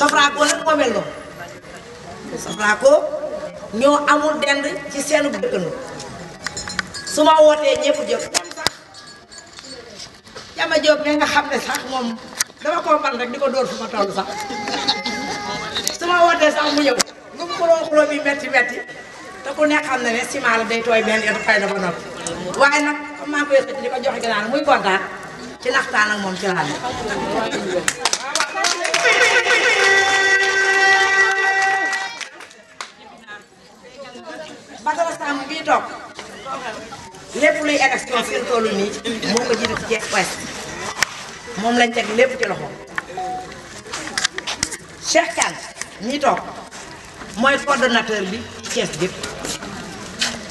Sofraco nag moo mel noonu Sofraco ñoo amul dend ci seenu dëkkandoo su ma wootee ñëpp jóg jama jóg mais nga xam ne sax moom dama ko man rek di ko door fu ma toll sax su ma wootee sax mu ñëw mu te ku ne xam ne ciment la day tooy benn yoon na ba noppi waaye nag comme maa ngi koy xëcc ko joxe muy kontaan ci naxtaan ak moom ci laa Badara Samb bii toog lépp luy élection fi ñu nii moo ko jiitu ci Thiès Ouest moom lañ teg lépp ci loxo Cheikh Kane ñi toog mooy coordonnateur bi ci Thiès gépp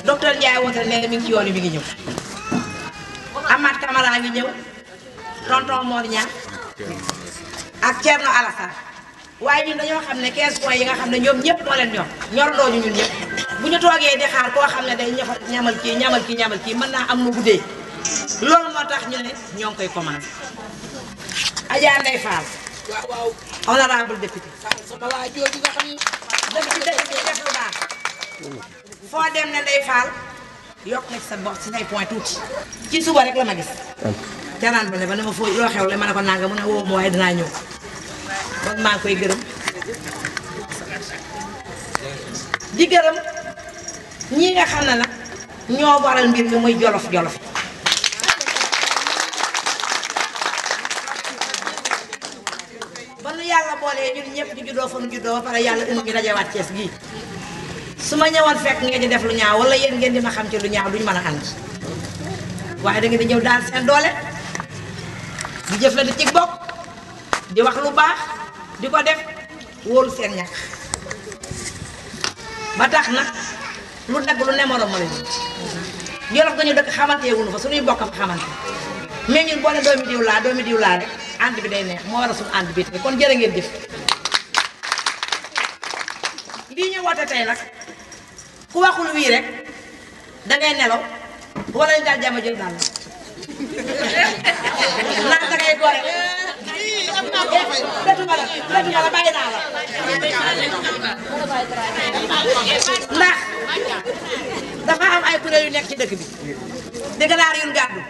docteur Ndiaye woote ne mi ci yoon yi mi ngi ñëw Amath Camara ngi ñëw tonton Mor Niang ak Thierno Alassane waaye ñun dañoo xam ne 15 points yi nga xam ne ñoom ñëpp moo leen ñor ñorandoo ñun ñëpp. bu ñu toogee di xaar koo xam ne day ñafal ñamal kii ñamal kii ñamal kii mën naa am lu guddee loolu moo tax ñu ne ñoo ngi koy commandé. Adja Ndeye Fall. waaw waaw honorable député. waaw sama waa jooju nga xam ne. dëkk ci dëkk bi def lu foo dem ne Ndeye Fall yokk na ci sa bopp ci say point tuuti ci suba rek la ma gis. janaan ne ba ne foo loo xew la ma ne ko nanga mu ne woo ma waaye dinaa ñëw kon maa ngi koy gërëm di gërëm. ñi nga xamna nak nag ñoo waral mbir mi muy jolof jolof banu yalla bolé ñun ñepp di juddoo fam nu juddoo ba pare yàlla indi ñu dajewaat Cees gii su ma ñëwoon fekk ngeen di def lu ñaaw wala yeen ngeen di ma xam ci lu ñaaw duñ mëna a waxe da ngeen di ñëw daal seen doole di jëflante ci bok di wax lu baax di ko def wóolu seen ñak ba tax na lu dagg lu ne morom ma la ñu jolof ga dëkk xamante wuñu fa suñuy bokk fa xamante mais ñun boo ne doomi diw doomi diw rek ànd bi day neex moo war a suñu ànd bi kon jërë ngeen jëf lii ñu woote tey nag ku waxul wii rek dangay nelaw wala ñu daal jàmm jël daal ndax na yu nekk ci dëkk bi di ganaar yu gàddu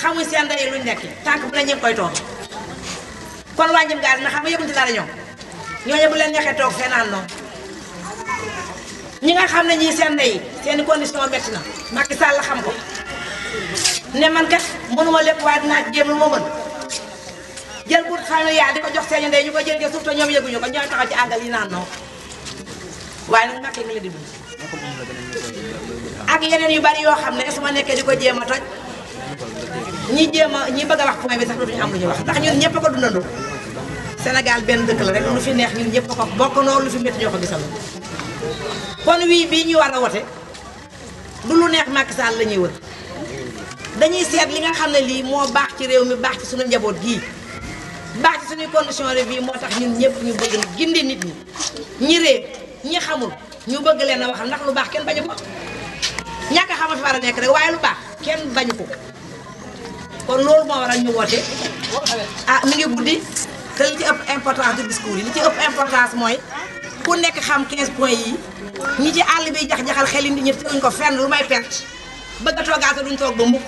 xamuñ seen ndey luñ nekk tànk bu la ñu koy toog kon waa njëm gaas na xam nga yëguñu dara ñoom ñooñu bu leen neexee toog seen ànd xam ne ñii seen ndey seen condition métti na Macky xam ko ne man kat mënuma lépp waaye dinaa jéem lu ma mën jël pour xam ne yaa di ko jox seen ndey ñu ko jël surtout ñoom yëguñu ko ñooy taxaw ci àggal yi naan noonu waaye nag Macky mi la dimbali ak yeneen yu bari yoo xam ne su ma nekkee di ko jéem a toj ñi jéem a ñi bëgg a wax point bi sax duñu am lu ñu wax ndax ñun ñëpp a ko dundandoo Sénégal benn dëkk la rek lu fi neex ñun ñëpp a ko bokk noonu lu fi métti ñoo ko gisandoo kon wii bii ñu war a wote du lu neex Macky Sall la ñuy wër dañuy seet li nga xam ne lii moo baax ci réew mi baax ci suñu njaboot gii baax ci suñuy condition de vie moo tax ñun ñëpp ñu bëgg gindi nit ñi ñi réer ñi xamul ñu bëgg leen a wax ndax lu baax kenn bañ a ñàkk xam xamal fi war a nekk rek waaye lu baax kenn bañu ko kon loolu moo waral ñu woote ah mi ngi guddi te li ci ëpp importance du discours yi li ci ëpp importance mooy ku nekk xam 15 point yi ñi ci àll bi jax jaxal xel yi nit ñi teguñ ko fenn lu may perte bëgg a toogaate duñ toog ba mukk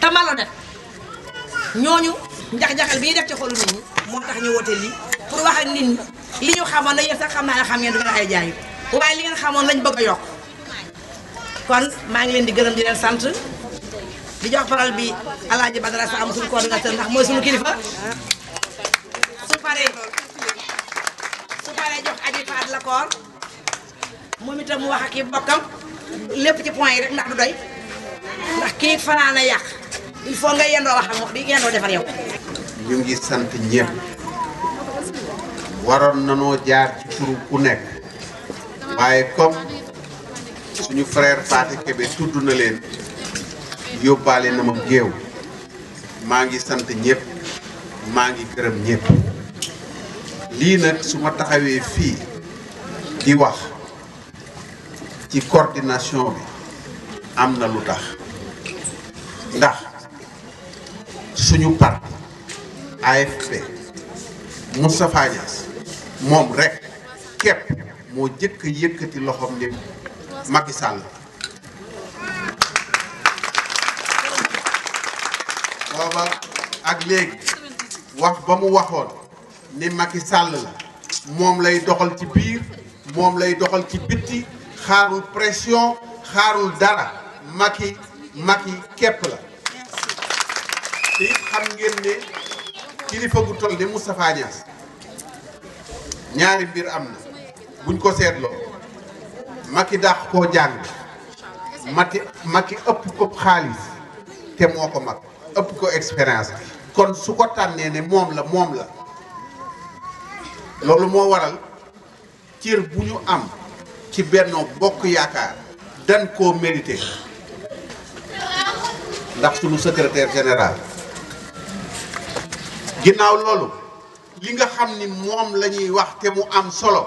te malo def ñooñu jax jaxal bi def ci xolu nit moo tax ñu woote lii pour wax ak nit li ñu xamoon na yéen sax xam naa ne xam ngeen du ngeen ay jaay waaye li ngeen xamoon lañ bëgg a yokk. kon maa ngi leen di gërëm di leen sant di jox parole bi El Hadj Badara sa am suñu coordinateur ndax mooy suñu kilifa su paree su paree jox Adji Fall la koor moom itam mu wax ak i bokkam lépp ci point rek ndax du doy ndax kii fanaan a yàq il faut nga yendoo wax ak moom di defar yow. ñu ngi sant ñëpp waroon nanoo jaar ci turu ku nekk waaye comme. suñu frère Pathé Kébé tudd na leen yóbbaale na ma géew maa ngi sant ñëpp maa ngi gërëm ñëpp lii nag su ma taxawee fii di wax ci coordination bi am na lu tax ndax suñu parti AFP Moustapha Niasse moom rekk képp moo jëkk yëkkati loxoom ne Macky Sall booba ak léegi wax ba mu ni Macky Sall la moom lay doxal ci biir moom lay doxal ci bitti pression harul dara Macky Macky képp la te it xam ngeen ne kilifa gu toll ni Moustapha Niass ñaari mbir am buñ ko Macky dàq koo jàng Macky maki ëpp ko xaalis te moo ko mag ëpp ko expérience kon su ko tànnee ne moom la moom la loolu moo waral cër bu ñu am ci Benno Bokk Yaakaar dañ koo mérité ndax sunu secrétaire général ginnaaw loolu li nga xam ni moom la ñuy wax te mu am solo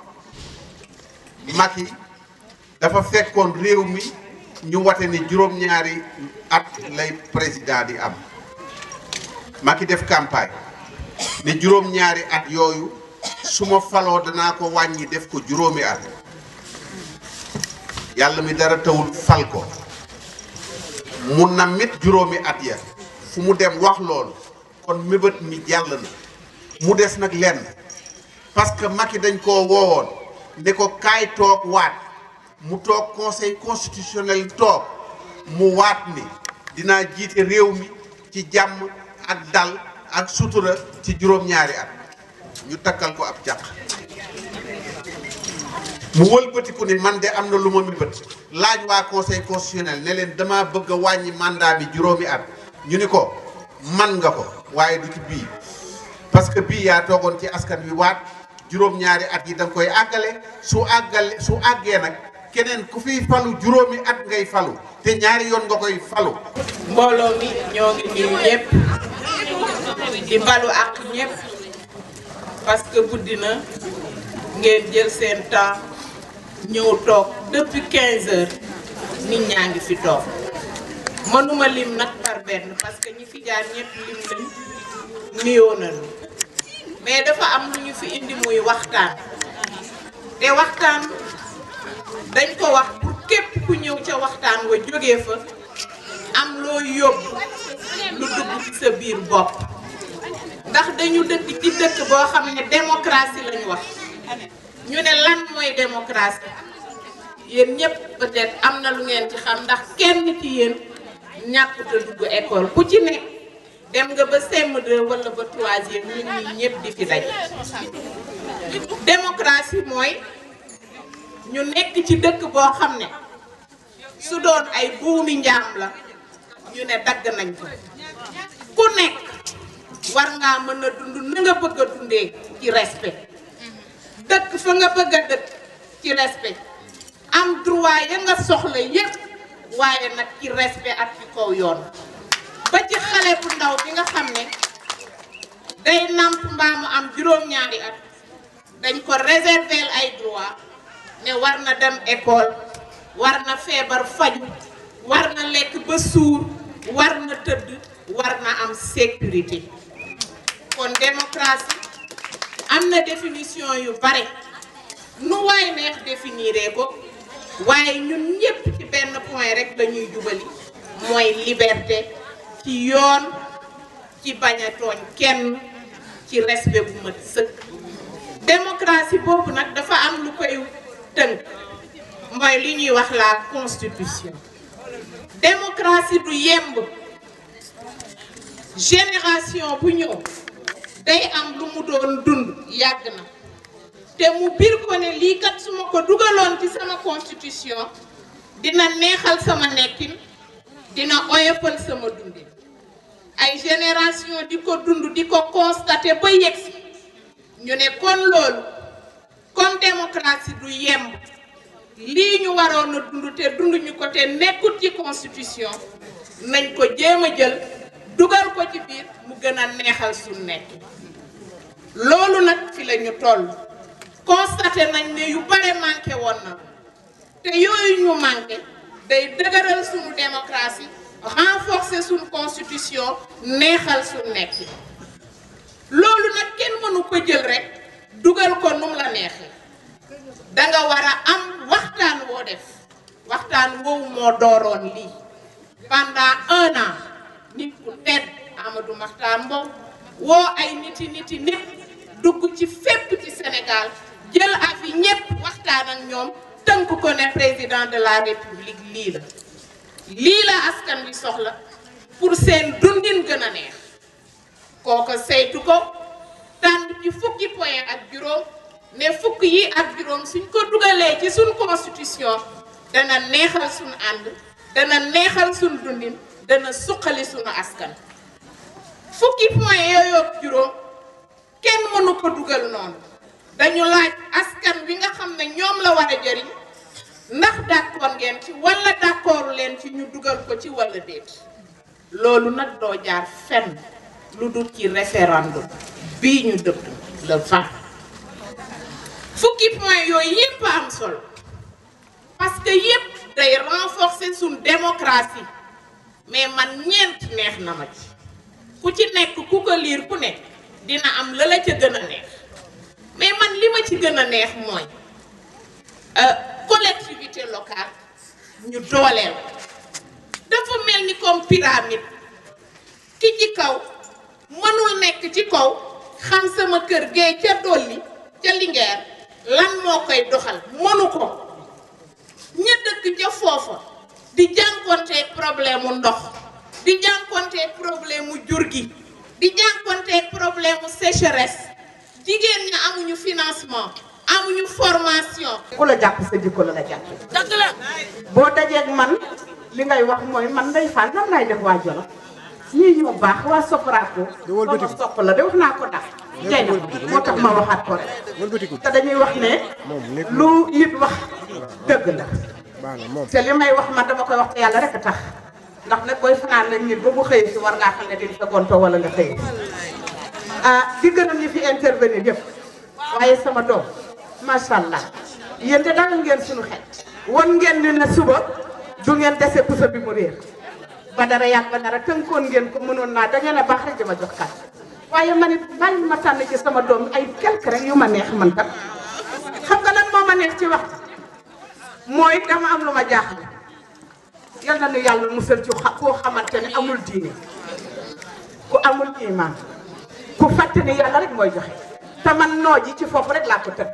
Macky dafa fekkoon réew mi ñu wate ni juróom-ñaari at lay président di am Macky def campagne ne juróom-ñaari at yooyu su ma faloo danaa ko wàññi def ko juróomi at yàlla mi dara tawul fal ko mu nammit juróomi at ya fu mu dem wax loolu kon mébét mi jàll na mu des nag lenn parce que Macky dañ koo woowoon ne ko kaay toog waat mu toog conseil constitutionnel toog mu waat ni dinaa jiite réew mi ci jàmm ak dal ak sutura ci juróom-ñaari at ñu takkal ko ab jàq mu wëlbatiku ni man de am na lu ma mi bët laaj waa conseil constitutionnel ne leen dama bëgg a wàññi mandat bi juróomi at ñu ni ko man nga ko waaye du ci bii parce que bii yaa toogoon ci askan wi waat juróom-ñaari at yi da koy àggale su àggale su àggee nag keneen ku fiy falu juróomi at ngay falu te ñaari yoon nga koy falu. mbooloo mi ñoo ngi nuyu ñëpp di balu ak ñëpp parce que guddi na ngeen jël seen temps ñëw toog depuis 15 heures nit ñaa ngi fi toog mënuma lim nag par benn parce que ñi fi jaar ñëpp lim nañ nuyoo mais dafa am lu ñu fi indi muy waxtaan te waxtaan dañ ko wax pour képp ku ñëw ca waxtaan wa jóge fa am loo yóbbu lu dugg ci sa biir bopp ndax dañu dëkk ci dëkk boo xam ne démocratie lañu wax ñu ne lan mooy démocratie yéen ñëpp peut-être am na lu ngeen ci xam ndax kenn ci yéen ñàkkut dugg école ku ci ne dem nga ba CM2 wala ba troisième ñun ñii ñëpp di fi daje démocratie mooy ñu nekk ci dëkk boo xam ne su doon ay buumi njaam la ñu ne dagg nañ ko ku nekk war ngaa mën a dund na nga bëgg dundee ci respect dëkk fa nga bëgg a dëkk ci respect am droit ya nga soxla yépp waaye nag ci respect ak ci kaw yoon ba ci xale bu ndaw bi nga xam ne day nàmp mbaa mu am juróom-ñaari at dañ ko réserver ay droit ne war na dem école war na feebar faju war na lekk ba suur war na tëdd war na am sécurité kon démocratie am na définition yu bare nu waay neex définiree ko waaye ñun ñépp ci benn point rek dañuy ñuy jubali mooy liberté ci yoon ci bañ a tooñ kenn ci respect bu mat sëkk démocratie boobu nag dafa am lu koy tënk mooy li ñuy wax la constitution démocratie du yemb génération bu ñëw day am lu mu doon dund yàgg na te mu bir ko ne lii su ma ko dugaloon ci sama constitution dina neexal sama nekkin dina oyofal sama dundin ay génération di ko dund di ko constaté ba yegsi ñu ne kon loolu comme démocratie du yemb lii ñu waroon a dund te dund ñu ko te nekkut ci constitution nañ ko jéem a jël dugal ko ci biir mu gën a neexal su nekk loolu nag fi lañu ñu toll nañ ne yu bare manqué woon te yooyu ñu manqué day dëgëral suñu démocratie renforcer son constitution neexal suñu nekk loolu nak ken mënu ko jël rek dugal ko num la nexé. da nga wara am waxtan wo def Waxtan wo mo dooroon li. pendant un an nit ku tedd Amadou Mahtar Mbow wo ay niti niti nit dugg ci fepp ci Sénégal jël avis ñépp waxtan ak ñom tënk ko né président de la république li la lii la askan wi soxla pour seen dundin gën a neex kooka saytu ko tànn ci fukki point ak juróom ne fukk yi ak juróom suñ ko dugalee ci suñ constitution dana neexal suñ ànd dana neexal suñ dundin dana suqali suñu askan fukki point yooyu ak juróom kenn mënu ko dugal noonu dañu laaj askan wi nga xam ne ñoom la war a jëriñ ndax d'accord ngeen ci wala d'accord leen ci ñu dugal ko ci wala déet loolu nag doo jaar fenn lu dul ci référendum bii ñu dëpp le vingt fukki point yooyu yépp am solo parce que yépp day renforcer suñ démocratie mais man ñeent neex na ma ci ku ci nekk ku ko liir ku nekk dina am la la ca gën a neex mais man li ma ci gën a neex mooy euh, collectivité locale ñu dooleel dafa mel ni comme pyramide ki ci kaw mënul nekk ci kaw xam sama kër gee ca dolli ca lingeer lan moo koy doxal mënu ko ña dëkk ca foofa di jànkoonteeg problème mu ndox di jànkoonteeg problème mu jur gi di jànkoonteeg problème mu sécheresse jigéen ña amuñu financement amuñu formation. ku jàpp sa jikko la la jàpp. dëgg la. boo dajeeg man li ngay wax mooy man Ndeye Fall nan laay def waa Jolof ñii ñoo baax waa Sopraco. de wëlbati ko sopp la de wax naa ko daal. tey nag moo tax ma waxaat ko rek. te dañuy wax ne. lu nit wax dëgg la. te li may wax man dama koy wax te yàlla rek a tax. ndax nag booy fanaan nag nit ba bu xëyee si war ngaa xam ne dina sa gonto wala nga xëyee. ah di gërëm ñi fi intervenir yëpp waaye sama doom. macha allah yéen de dalal ngeen suñu xel won ngeen ni ne suba du ngeen dese puso bi mu réer ba dara yàgg ba dara tënkoon ngeen ko mënoon naa da ngeen a baax rek dama jox kat waaye man it ma tànn ci sama doom ay quelque rek yu ma neex man kat xam nga lan moo ma neex ci wax am lu ma jaaxal yal na nu yàlla musal ci koo xamante ne amul diine ku amul iman ku fàtte ni yàlla rek mooy joxe te man noo ji ci foofu rek laa ko tënk.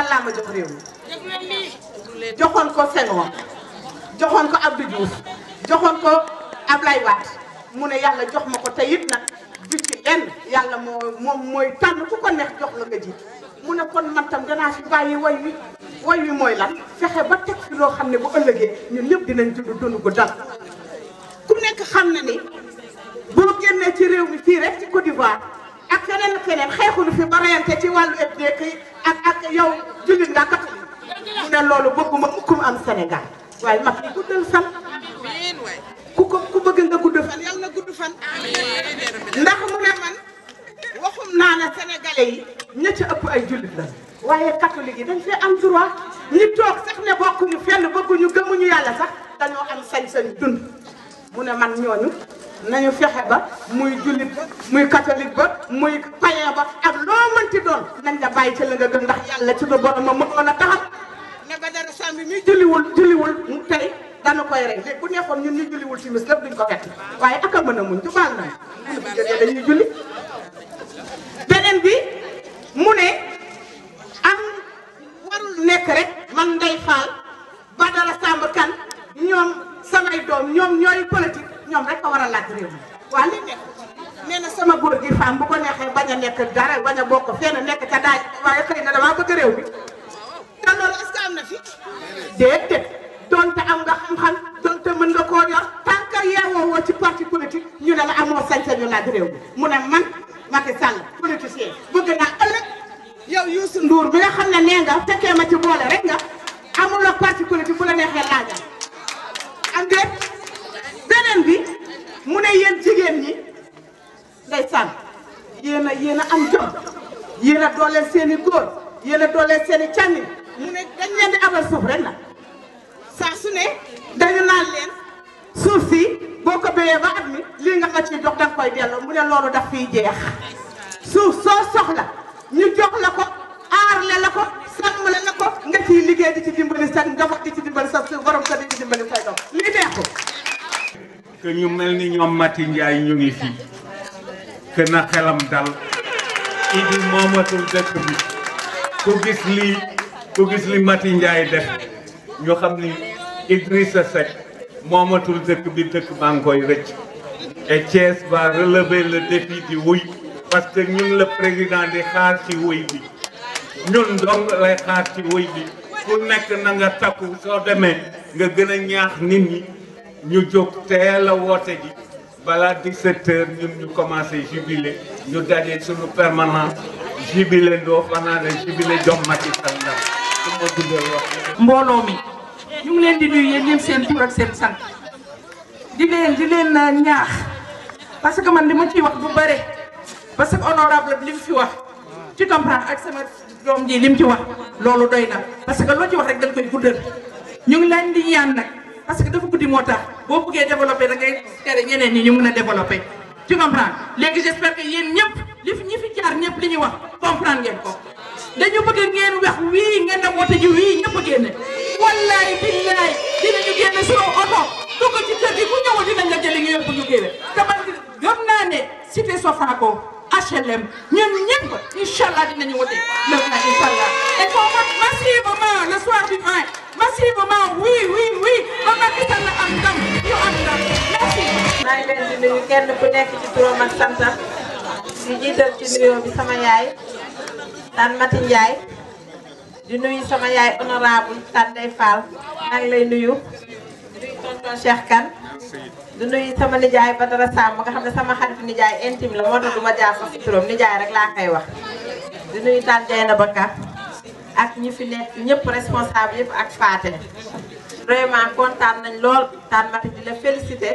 yàllaa ma jox réew mi joxoon ko Senghor joxoon ko ab Diouf joxoon ko Ablaye Wade mu ne yàlla jox ma ko te it nag du ci lenn yàlla moo moom mooy tànn ku ko nekk jox la nga ji mu ne kon man tam danaa fi bàyyi way wi way wi mooy lan fexe ba teg fi loo xam ne bu ëllëgee ñun ñëpp dinañ dund dund gu dal ku nekk xam na ni boo génnee ci réew mi fii rek ci Côte d'Ivoire ak feneen ak feneen xeexuñu fi ba ci wàllu FDK ak ak yow jullit nga catholique mu ne loolu bëgguma mukkum am Sénégal waaye mag yi guddal fan ku ko ku bëgg nga gudd fan ndax mu ne man waxum naa ne sénégalais yi ña ëpp ay jullit la waaye catholique yi dañ fee am droit ñi toog sax ne bokkuñu fenn bëgguñu gëmuñu yàlla sax dañoo am sañ-sañ dund mu ne man ñooñu nañu fexe ba muy jullit muy catholique ba muy païen ba ak loo mënti doon nañ la bàyyi ci la nga gëm ndax yàlla ci borom ma mënoon a taxat ne ba dara sàmm bi muy julliwul julliwul tey danu koy rey léegi bu neexoon ñun ñu julliwul timis lépp duñ ko fekk waaye ak a mën a muñ jubaal nañ bu ñu jógee dañuy julli beneen bi mu ne am warul nekk rek man Ndeye Fall Badara Samb kan ñoom samay doom ñoom ñooy politique ñoom rek ko war a laaj réew mi waa nekk nee sama góor gi femme bu neexee bañ a nekk dara bañ a bokk fenn nekk ca daaj waaye xëy na damaa bëgg réew mi te loolu est que am na fi déedéet donte am nga xam-xam donte mën nga koo yor tant que yeewoo woo ci parti politique ñu ne la amoo sañ-sañu laaj réew mi mu a man Macky Sall politicien bëgg naa ëllëg yow Youssou Ndour bi nga xam ne nee nga fekkee ma ci boole rek nga amuloo parti politique bu la neexee laajal am déet beneen bi mu ne yéen jigéen ñi ndeysaan yéen a yéen a am jom yéen a dooleel seen i góor yéen a dooleel seen i cànni mu ne dañ leen di abal suuf rek nag saa su ne dañu naan leen suuf si boo ko béyee ba at mi lii nga ko ci jox danga koy delloo mu ne loolu daf fiy jeex suuf soo soxla ñu jox la ko aarle la ko sàmm la ko nga ciy liggéey di ci dimbali sa njaboot di ci dimbali sa borom sa di ci dimbali say doom lii neexul que ñu mel ni ñoom Mati Ndiaye ñu ngi fii que na xelam dal Idi moomatul dëkk bi ku gis lii ku gis li Mati Ndiaye def ñu xam ni Idrissa set moomatul dëkk bi dëkk baa ngi koy rëcc et Thiès va relever le défi wuy parce ñun la président di xaar ci wuy bi ñun dong lay xaar ci wuy bi ku nekk na nga takku soo demee nga gën a ñaax nit ñi ñu jóg teel a woote ji balaa 17 heures ñun ñu commencé jubilé ñu daje suñu permanence jubilé ndoo fanaa ne jubilé jox Macky Sall ndax su ma dugal wax. mbooloo mi ñu ngi leen di nuyu yéen ñëpp seen tur ak seen sant di leen di leen euh, ñaax parce que man li ma ciy wax bu bare parce que honorable li mu fi wax ci comprendre ak sama doom ji li mu ci wax loolu doy na parce que loo ci wax rek dañ koy guddal ñu ngi leen di ñaan nag. parce que dafa guddi moo tax boo bëggee développé da ngay tere ñeneen ñi ñu mën a développé tu comprends léegi j'espère que yéen ñëpp li fi ñi fi jaar ñëpp li ñuy wax comprendre ngeen ko dañu bëgg ngeen wax wii ngeen a woote ji wii ñëpp a génne wallaay billaay dinañu génne sunu oto dugg ci kër gi ku ñëwul dinañ la jëli ñu yóbbu ñu génne te man gëm naa ne cité Sofaco HLM ñun ñëpp incha allah dinañu wote le 20 incha allah dañ koo vote massivement le soir du 20 massivement oui oui am ndam ñu am ndam merci. maa ngi di nuyu kenn ku nekk ci turam ak santam di jiital ci nuyoo bi sama yaay tan Mati di nuyu sama yaay honorable tan Ndeye Fall maa ngi lay nuyu di nuyu du nuyu sama nijaay Badara Samb nga xam ne sama xarit nijaay intime la moo tax du ma jaar sax si turam nijaay rek laa koy wax. du nuyu Tante Dieng Bakar ak ñi fi nekk ñëpp responsable yëpp ak Faté vraiment kontaan nañ lool Tante Mati di la féliciter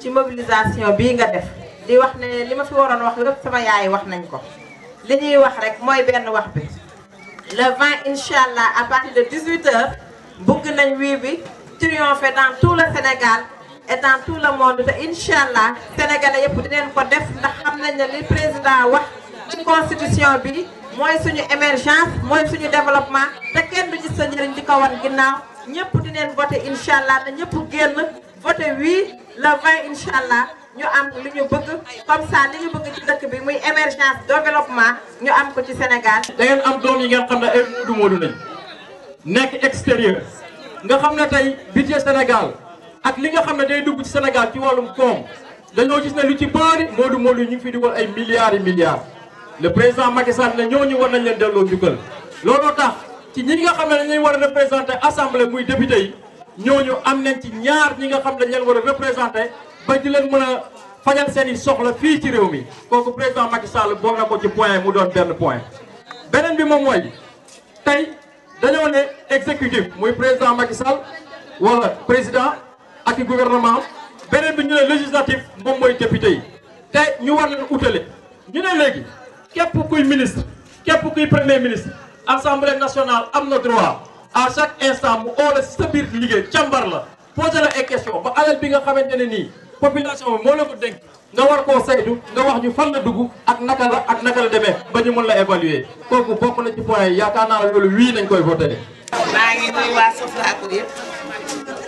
ci mobilisation bii nga def. di wax ne li ma fi waroon wax lépp sama yaay wax nañ ko li ñuy wax rek mooy benn wax bi le 20 incha allah à partir de 18 nañ wii bi triompher dans tout le Sénégal. et dans tout le monde te incha allah sénégalais yëpp dinañ ko def ndax xam nañ ne li président wax ci constitution bi mooy suñu émergence mooy suñu développement te kenn bi gis sa njëriñ di ko wan ginnaaw ñëpp dinañ voté incha allah te ñëpp génn voté oui la 20 incha allah ñu am lu ñu bëgg comme ça li ñu bëgg ci dëkk bi muy émergence développement ñu am ko ci Sénégal. da ngeen am doom yi ngeen xam ne ay moodu moodu nañ nekk extérieur nga xam ne tey budget ak li nga xam ne day dugg ci Sénégal ci wàllum koom dañoo gis ne lu ci bari Modou Modou ñu ngi fi dugal ay milliards et milliards le président Macky Sall ne ñooñu war nañ leen delloo njukkal looloo tax ci ñi nga xam ne dañ leen war a représenté assemblée muy député yi ñooñu am nañ ci ñaar ñi nga xam ne dañ leen war a représenté ba di leen mën a fajal seeni soxla fii ci réew mi kooku président Macky Sall boog na ko ci point mu doon benn point. beneen bi moom mooy tey dañoo ne exécutif muy président Macky Sall wala président. ak i gouvernement beneen bi ñu ne législatif moom mooy député yi te ñu war leen utale ñu ne léegi képp kuy ministre képp kuy premier ministre assemblée nationale am na droit à chaque instant mu oo la sa biir liggéey càmbar la posé la ay question ba alal bi nga xamante ne nii population bi moo la ko dénk nga war koo saytu nga wax ñu fan na dugg ak naka la ak naka la demee ba ñu mën la évaluer kooku bokk na ci point yaakaar naa la loolu wii nañ koy voté. maa ngi nuyu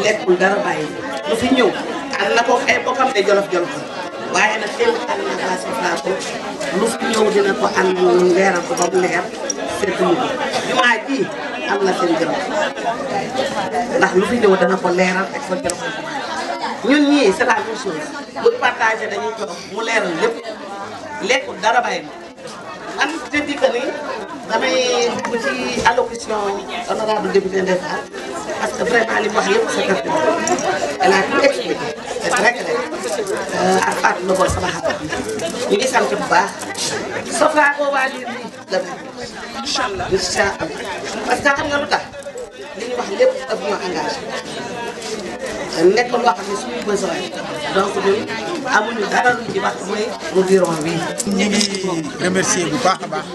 lekkul dara bàyyi lu fi ñëw ànd na ko ay bokkam de jolof jolof waaye nag teewul ànd na baa si ko lu fi ñëw dina ko ànd leeral ko ba mu leer fekk mu ko na seen lu fi ñëw dana ko leeral ak seen jolof ñun ñii c'est la même chose bu partagé dañuy toog mu leer lépp lekkul dara bàyyi ma am te dikk ni damay dugg ci allocution honorable député Ndeye Fall parce que vraiment li mu wax yëpp sa kër gi elle a tout expliqué c'est très clair euh, ak Fatou Ndogo sama xam ñu ngi sant bu baax Sofa koo waajur bi la incha allah incha allah parce que xam nga lu tax li ñu wax lépp daf ñoo engagé nekk loo xam ne suñu besoin donc ñun amuñu dara lu ci wax mooy mu bureau bi. ñu ngi remercier bu baax a baax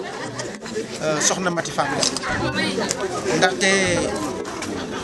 euh, soxna Mati Fall ndaxte.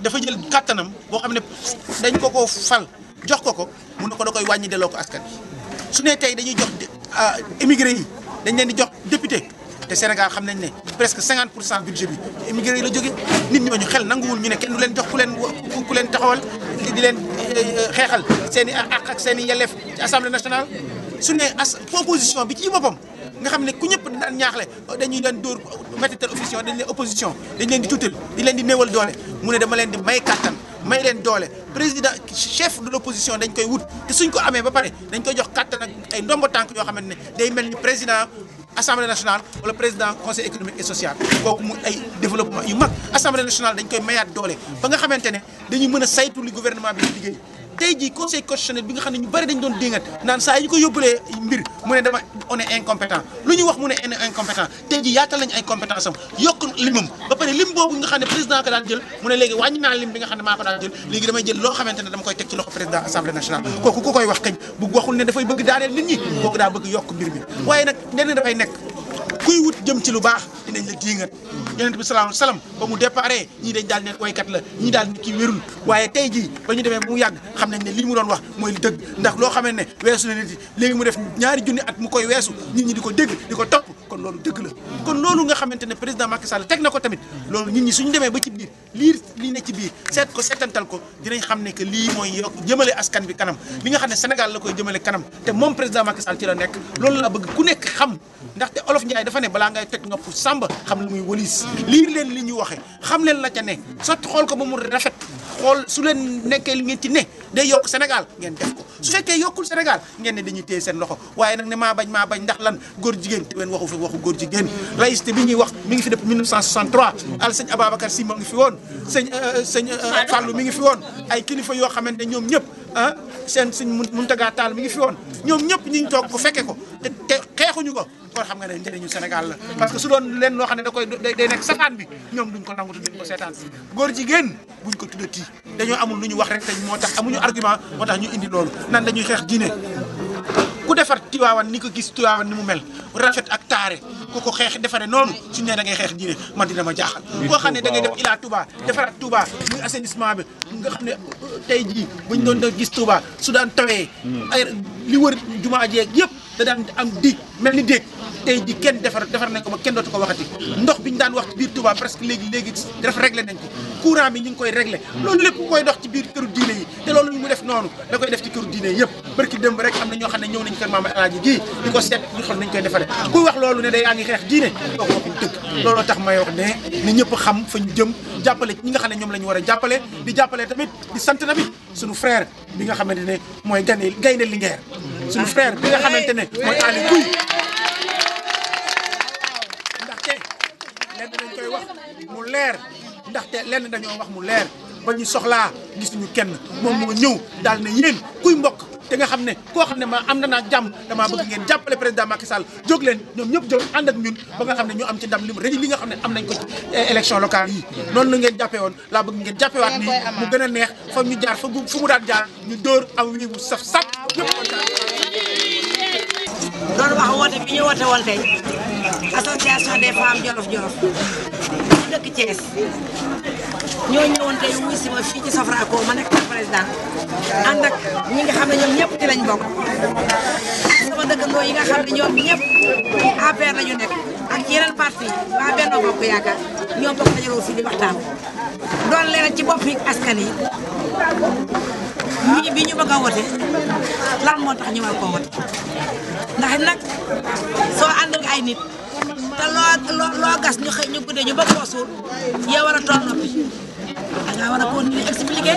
dafa jël kattanam boo xam ne dañ ko ko fal jox ko ko mun na ko da koy wàññi delloo ko askan su ne tey dañuy jox émigré ah, yi dañ leen di jox député te Sénégal xam nañ ne presque cinquante pour cent budget bi émigré yi la jóge nit ñooñu xel nanguwul ñu ne kenn du leen jox ku leen ku leen taxawal di leen eh, eh, xeexal seen i àq ak seen i yelleef ci assemblée su ne as proposition bi ci boppam. nga xam ne ku ñëpp daan ñaaxle dañuy daan dóor métital opposition dañ leen opposition dañ leen di tuutal di leen di néewal doole mu ne dama leen di may kàttan may leen doole président chef de l'opposition dañ koy wut te suñ ko amee ba pare dañ koy jox kàttan ak ay ndombo tànk yoo xamante ne day mel ni président assemblée nationale wala président conseil économique et social kooku mu ay développement yu mag assemblée nationale dañ koy mayaat doole ba nga xamante ne dañuy mën a saytu li gouvernement bi liggéey tey jii conseil constitutionnel bi nga xam ne ñu bëri dañ doon déngat naan saa yi ñu ko yóbbulee mbir mu ne dama on est incompétent lu ñu wax mu ne on incompétent tey jii yaatal nañ ay am yokk limam ba pare lim boobu nga xam ne président ko daan jël mu ne ne maa ko daan jël léegi damay jël loo xamante ne dama koy teg ci loxo président assemblée nationale kooku ku koy wax kañ bu waxul ne dafay bëgg daaneel nit ñi kooku daa bëgg yokk mbir mi waaye nag lenn dafay nekk kuy wut jëm ci lu baax dinañ la diingat yonent bi sallallahu alayhi wasallam ba mu déparé ñii dañ daal ne waykat la ñii daal ne kii wérul waaye tey jii ba ñu demee mu yàgg xam nañ ne lii mu doon wax mooy li dëgg ndax loo xamee ne weesu na nit léegi mu def ñaari junni at mu koy weesu nit ñi di ko dégg di ko topp kon loolu dëgg la kon loolu nga xamante ne président Macky Sall teg na ko tamit loolu nit ñi suñu demee ba ci biir liir lii ne ci biir seet ko seetantal ko dinañ xam ne que lii mooy yokk jëmale askan bi kanam li nga xam ne Sénégal la koy jëmale kanam te moom président Macky Sall ci la nekk loolu la bëgg ku nekk xam ndaxte olof Ndiaye dafa ne balaa ngay toj nopp sàmba xam lu muy wëlis lii leen li ñu waxe xam leen la ca ne sotti xool ko ba mu rafet xool su leen nekkee li ngeen ci ne day yokk Sénégal ngeen def ko su fekkee yokkul Sénégal ngeen ne dañuy téye seen loxo waaye nag ne maa bañ maa bañ ndax lan góor jigéen te ween waxu fi waxu góor jigéen laïcité bi ñuy wax mi ngi fi depuis 1963 al sëñ Ababacar Si ma fi woon sëñ euh, euh, sëñ euh, Fallou mi ngi fi woon ay kilifa yoo xamante ñoom ñëpp ah seen suñ Mountaga Tall mi ngi fi woon ñoom ñëpp ñu ngi toog ko fekke ko te xeexuñu ko kon xam nga ne njëriñu Sénégal la parce que su doon leen loo xam ne da koy day nekk safaan bi ñoom duñ ko nangu te duñ ko seetaan góor jigéen buñ ko tuddati dañoo amul lu ñu wax rek te moo tax amuñu argument moo tax ñu indi loolu nan dañuy xeex diine defar Tiwaawan ni ko gis Tiwaawan ni mu mel rafet ak taare ku ko xeex defaree noonu suñu nee da ngay xeex diine man dina ma jaaxal koo xam ne da ngay def ilaa Touba defaraat Touba muy assainissement bi nga xam ne tey jii buñ doon doon gis Touba su daan tawee hmm. ay li wër jumaa jeeg yëpp da daan am déeg mel ni déeg tey ji kenn defar defar nañ ko ma kenn dootu ko waxati ndox bi ñu daan wax ci biir Touba presque léegi léegi def réglé nañ ko courant bi ñu ngi koy réglé loolu lépp koy dox ci biir këru diine yi te loolu mu def noonu da koy def ci këru diine yëpp barki démb rek am na ñoo xam ne ñëw nañ kër maam alaaji gii di ko seet ñu xool nañ koy defare kuy wax loolu ne day yaa ngi xeex diine kooku waxul dëgg looloo tax may wax ne ni ñëpp xam ñu jëm jàppale ñi nga xam ne ñoom la ñu war a jàppale di jàppale tamit di sant tamit suñu frère bi nga xamante ne mooy gane gaynde Linguère suñu frère bi nga xamante ne mooy Aly Guy ndaxte lenn dañ koy wax mu leer ndaxte lenn dañoo wax mu leer ba ñu soxlaa gis ñu kenn moom moo ñëw daal ne yéen kuy mbokk te nga xam ne koo xam ne ma am na naag jàmm damaa bëgg ngeen jàppale président Macky Sall jóg leen ñoom ñëpp jóg ànd ak ñun ba nga xam ne ñu am ci ndam li mu rëy li nga xam ne am nañ ko ci eh, élection locale yi noonu la ngeen jàppee woon laa bëgg ngeen jàppewaat nii mu gën a neex fa ñu jaar fa fu mu daan jaar ñu dóor am wi mu saf saf ñëpp doon wax woote bi ñu woote woon tey association des femmes Jolof Jolof ñoo ñëwoon tey wuy si ma fii ci Sofraco ma nekk président ànd ak ñi nga xam ne ñoom ñëpp ci lañ bokk sama dëkkandoo yi nga xam ne ñoom ñëpp APR la ñoo bokk dajaloo fii di waxtaan doon leen ci bopp yi askan yi bi ñu bëgg a wote lan moo tax ñu war koo wote ndax nag soo ànd ak nit te loo loo gas ñu xëy ñu guddee ñu bëgg koo suul yow war a toog noppi dangaa war a ko ni expliqué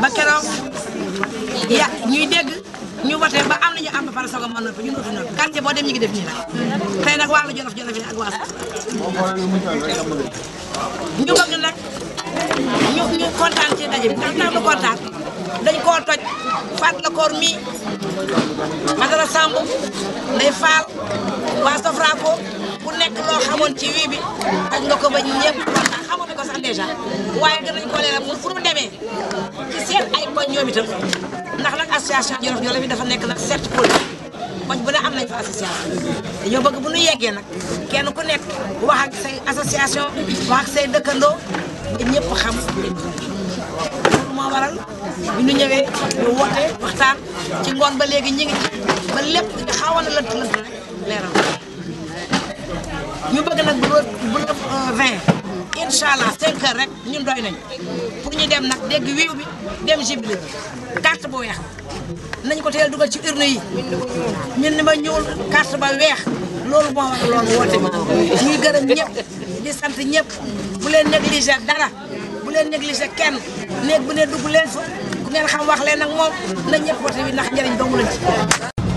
ba keroog ya ñuy dégg ñu wote ba am nañu am ba pare soog a mën noppi ñu noppi noppi quartier boo dem ñu ngi def nii nag tey nag wàllu jolof jolof yi ak waa ñu mi Madara bu nekk loo xamoon ci wii bi ak nga ko ba ñëpp ko sax dèjà waaye mu demee ci seen ay koñ ñoom itam nag association Jolof Jolof bi dafa nekk nag certes pôle koñ bu ne am nañ fa association dañoo ba bu ñu yeggee nag kenn ku nekk wax ak say association wax ak say dëkkandoo ba ñëpp xam moo waral bi ñu ñëwee ñu woote ci ngoon ba léegi ñu ngi ba lépp xawoon lënt lënt rek ñu bëgg nag bu la bu la euh, vingt incha allah cinq heures rek ñun doy nañu pour ñu dem nag dégg wiiw bi dem jibli carte bu weex nañ ko teel dugal ci urne yi ñu ni ma ñuul carte ba weex loolu moo war loolu woote bi ñuy gërëm ñëpp di sant ñëpp bu leen négligé dara bu leen négligé kenn néeg bu ne dugg leen fa ku ngeen xam wax leen nag moom na ñëpp woote bi ndax njëriñ dong lañ ci